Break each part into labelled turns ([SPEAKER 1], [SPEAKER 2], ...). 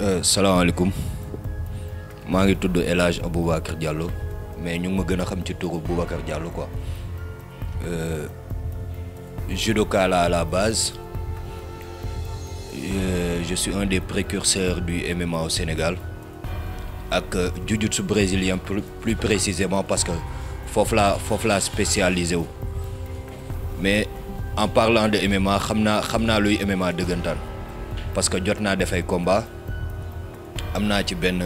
[SPEAKER 1] Euh, salaamaaleykum maa ngi tudd El Hadj Aboubacar Diallo mais ñu ngi ma gën a xam ci turu Boubacar Diallo ko euh, judoka la à la base euh, je suis un des précurseurs du MMA au Sénégal ak jujutsu brésilien plus précisément parce que foofu la foofu laa spécialisé wu mais en parlant de MMA xam naa xam naa luy MMA dëggantaan parce que jot naa def ay combat am naa ci benn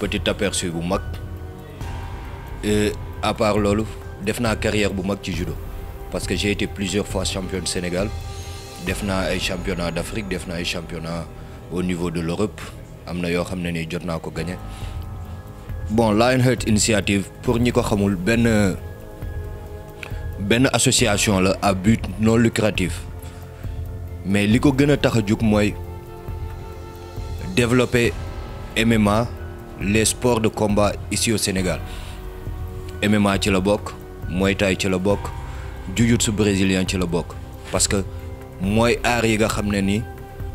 [SPEAKER 1] petit aperçu bu mag à part loolu def naa carrière bu mag ci judo parce que j'ai été plusieurs fois championne Sénégal def naa ay championnat d'Afrique def naa ay championnat au niveau de l'Europe am na yoo xam ne ni jot naa ko gagné bon Lionheart Initiative pour ñi ko xamul benn benn association la à but non lucratif mais li ko gën a tax a jug mooy développer MMA les sports de combat ici Sénégal MMA ci la bokk Muay Thai ci la bokk Jiu-Jitsu brésilien ci la bokk parce que mooy aar yi nga xam ne ni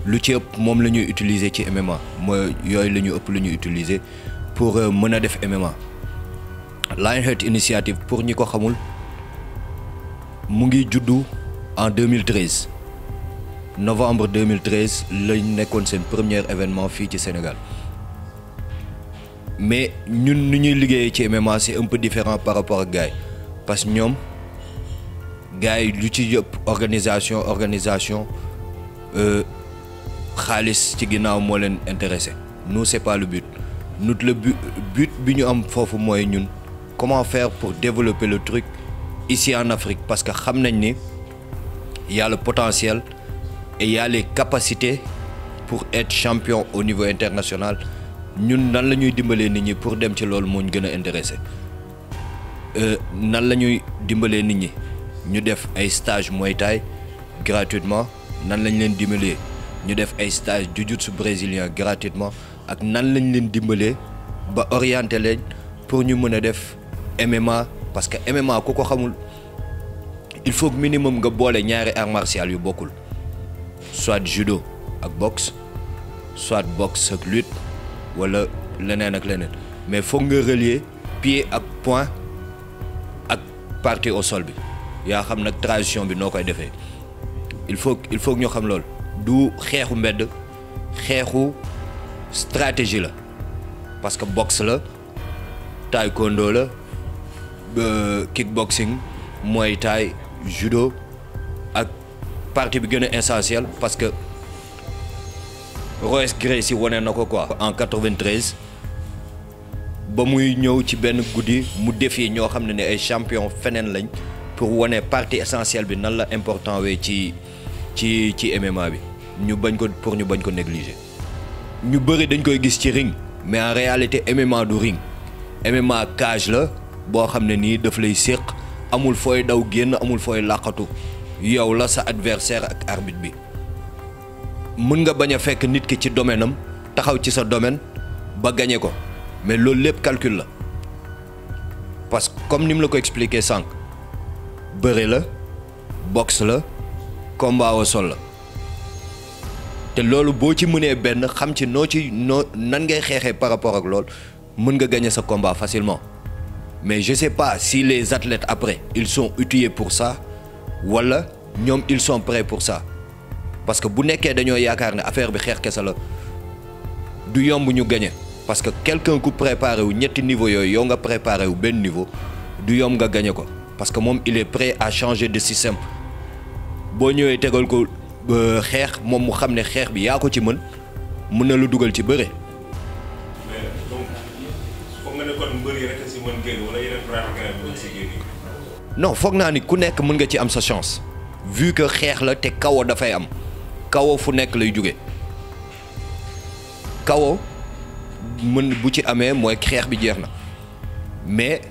[SPEAKER 1] lu ci ëpp moom la ñuy utiliser ci MMA mooy yooyu la ñu ëpp lu ñuy utiliser pour euh, mën a def MMA Lionheart Initiative pour ñi ko xamul mu ngi juddu en 2013 novembre 2013 lañ nekkoon seen premier événement fii ci Sénégal mais ñun nu ñuy liggéeyee ci MMA c'est un peu différent par rapport ak gaay parce que ñoom gars yi lu ci yëpp organisation organisation euh, xaalis ci ginnaaw moo leen intéressé nous c'est pas le but nous le but but bi ñu am foofu mooy ñun comment faire pour développer le truc ici en Afrique parce que xam nañ ni y a potentiel et y a les capacités pour être champion au niveau international ñun nan la ñuy dimbalee nit ñi pour dem ci loolu moo ñu gën a intéressé euh, nan la ñuy dimbalee nit ñi ñu def ay stage Muay Thai gratuitement nan lañ leen dimbalee ñu def ay stage jujutsu brésilien gratuitement ak nan lañ leen dimbalee ba orienté leen pour ñu mën a def MMA parce que MMA ku ko xamul il faut minimum nga boole ñaari arts martiaux yu bokkul soit judo ak boxe soit boxe ak lutte wala leneen ak leneen mais foog nga relier pied ak point ak partie au sol bi yaa xam nag transition bi noo koy defee il faut il faut ñoo xam loolu du xeexu mbedd xeexu stratégie la parce que boxe la taekwondo la kickboxing muay thai judo ak partie bi gën a essentiel parce que Royce Gracie wane na ko quoi en 93 ba muy ñëw ci benn guddi mu def défier ñoo xam ne ne ay champion feneen lañ pour wane partie essentielle bi nan la important wee ci ci ci MMA bi ñu bañ ko pour ñu bañ ko négliger ñu bëri dañ koy gis ci ring mais en réalité MMA du ring MMA cage la boo xam ne nii daf lay séq amul fooy daw génn amul fooy làqatu yow la sa adversaire ak arbitre bi mën nga bañ a fekk nit ki ci domaine am taxaw ci sa domaine ba gañe ko mais loolu lépp calcul la parce que comme ni mu la ko expliqué sànq bëre la boxe la combat au sol la te loolu boo ci mënee benn xam ci noo ci noo nan ngay xeexee par rapport ak loolu mën nga gagner sa combat facilement mais je sais pas si les athlètes après ils sont utiler pour ça walla ñoom ils sont près pour ça parce que bu nekkee dañoo yaakaar ne affaire bi xeex kese la du yomb ñu gagné parce que quelqu'un ku préparé wu ñetti niveau yooyu yow nga préparé wu benn niveau du yomb nga gagné ko parce que moom il est prêt à changer de système boo ñëwee tegal ko xeex moom mu xam ne xeex bi yaa ko ci mën mën na lu dugal ci bëre. mais foog non foog naa ni ku nekk mën nga ci am sa chance vu que xeex la te kawo dafay am. kawo fu nekk lay jóge kawo mën bu ci amee mooy xeex bi jeex na mais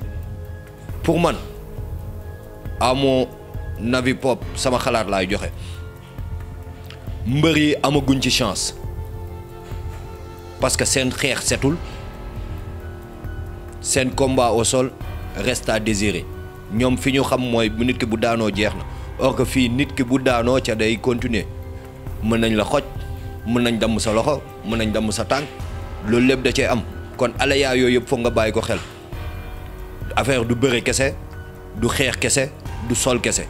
[SPEAKER 1] pour man amoo mon avis pop sama xalaat laay joxe mbër yi amaguñ ci chance parce que seen xeex setul seen combat au sol reste à désirer ñoom fi ñu xam mooy nit ki bu daanoo jeex na or fii nit ki bu daanoo ca day continuer mën nañ la xoj mën nañ damm sa loxo mën nañ damm sa tànk loolu lépp da cee am kon alaya yooyu yëpp foog nga bàyyi ko xel affaire du bëre kese du xeex kese du sol kese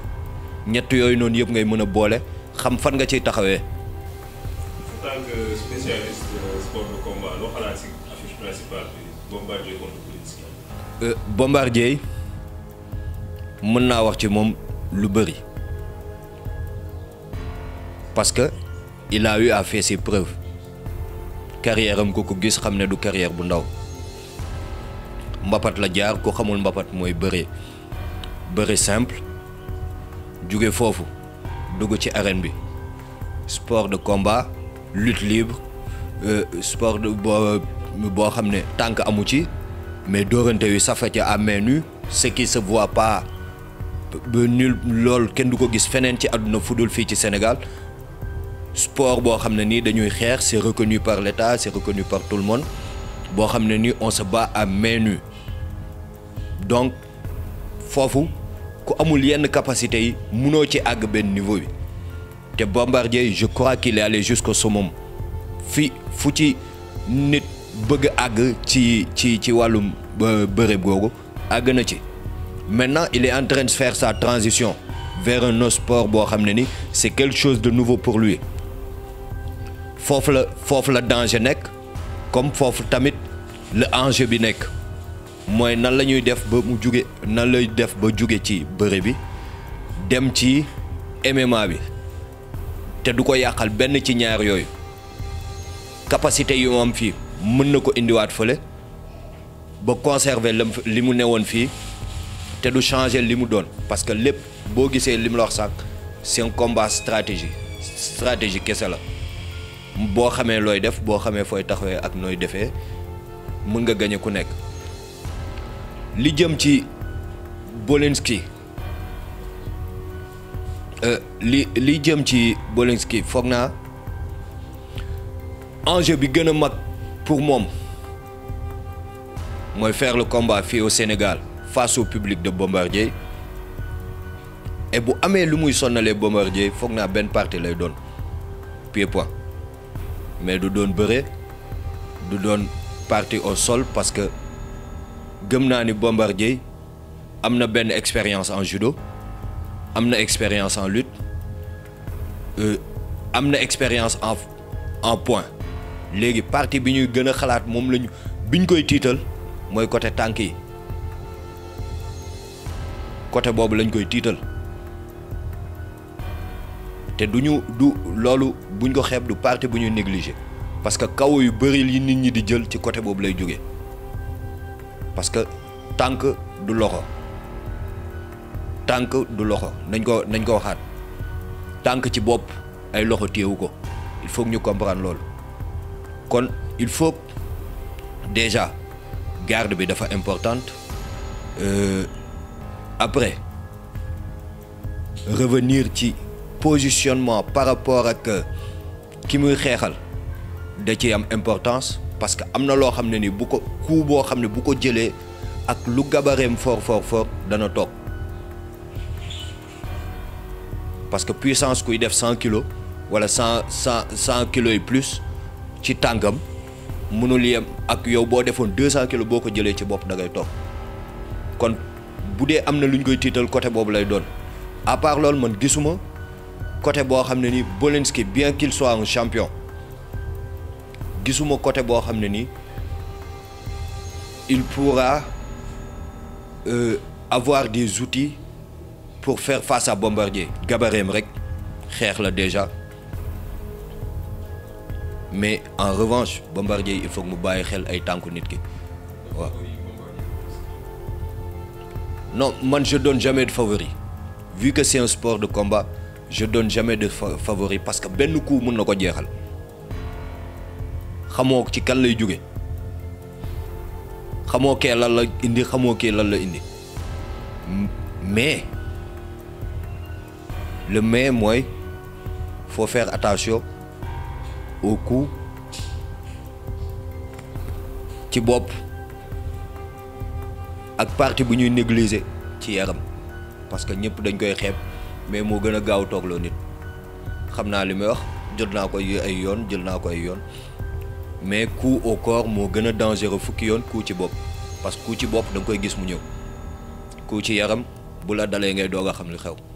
[SPEAKER 1] ñett yooyu noonu yëpp ngay mën a boole xam fan nga ciy taxawee. en tant euh, euh, mën naa wax ci moom lu bëri. parce que il a eu à faire ses preuves carrière am ku ko gis xam ne du carrière bu ndaw mbapat la jaar ku xamul mbapat mooy bëri bëre simple jóge foofu dugg ci arène bi sport de combat lutte libre euh, sport de boo xam ne tànk amu ci mais dóorante yu safa ci à main nue ce qui se voit pas loolu kenn du ko gis feneen ci àdduna fu dul fii ci Sénégal sport boo xam ne nii dañuy xeex c'est reconnu par l'État c'est reconnu par tout le monde boo xam ne nii on se bat à main nue donc foofu ku amul yenn capacité yi munoo ci àgg benn niveau bi te Bombardier je crois qu'il est allé jusqu'au summum fi fu ci nit bëgg àgg ci ci ci wàllum bërëb googu àgg na ci maintenant il est en train de faire sa transition vers un autre sport boo xam ne ni c'est quelque chose de nouveau pour lui foofu la foofu la danger nekk comme foofu tamit le enjeu bi nekk mooy nan la ñuy def ba mu juge nan lay def ba juge ci bëre bi dem ci MMA bi te du ko yàqal benn ci ñaar yooyu capacité yu am fii mën na ko indiwaat fële ba conserver lam li mu newoon fii te du changer li mu doon parce que lépp boo gisee li mu la wax sànq c'est un combat stratégie stratégie kese la boo xamee looy def boo xamee fooy taxawee ak nooy defee mën nga gañe ku nekk li jëm ci Bolinski euh, li li jëm ci Bolinski foog naa enjeu bi gën a mag pour moom mooy faire le combat fii au Sénégal face au public de Bombardier et bu amee lu muy sonnalee Bombardier foog naa benn parti lay doon pied mais du doon bëre du doon partie au sol parce que gëm naa ni Bombardier am na benn expérience en judo am na expérience en lutte euh, am na expérience en en point léegi partie bi ñuy gën a xalaat moom lañu biñ koy tiital mooy côté tànk yi côté boobu lañ koy tiital. te du ñu du loolu buñ ko xeeb du parti bu ñu négligé parce que kaw yu bëri yi nit ñi di jël ci côté boobu lay jóge parce que tànk du loxo tànk du loxo nañ ko nañ ko waxaat tànk ci bopp ay loxo téewu ko il faut ñu comprendre loolu kon il faut déjà garde bi dafa importante euh, après revenir ci positionnement par rapport ak euh, ki muy xeexal da ciy am importance parce que am na loo xam ne ni bu ko coup boo xam ne bu ko jëlee ak lu gabareem fort fort fort dana toog parce que puissance kuy def cent kilos wala cent cent cent kilos plus ci tàngam mënul yem ak yow boo defoon deux cent kilos boo ko jëlee ci bopp dangay ngay toog kon bu dee am na lu ñu koy tiital côté boobu lay doon à loolu man gisuma côté boo xam ne ni Bolinski bien qu'il soit un champion gisuma côté boo xam ne nii il pourra euh, avoir des outils pour faire face à Bombardier gabareem rek xeex la déjà mais en revanche Bombardier il faut mu bàyyi xel ay tànku nit ki waaw non man je donne jamais de favori vu que c'est un sport de combat je donne jamais de favori parce que benn ku mën na ko jeexal xamoo ci kan lay jóge xamoo kee lan la indi xamoo kee lan la indi mais le mais mooy faut faire attention au coup ci bopp ak partie bu ñuy négliger ci yaram parce que ñëpp dañ koy xeeb mais moo gën a gaaw toog loo nit xam naa li may wax jot naa ko ay yoon jël naa ko ay yoon mais ku au corps moo gën a dangereux fukki yoon ku ci bopp parce que coup ci bopp da koy gis mu ñëw ku ci yaram bu la dalee ngay doog a xam li xew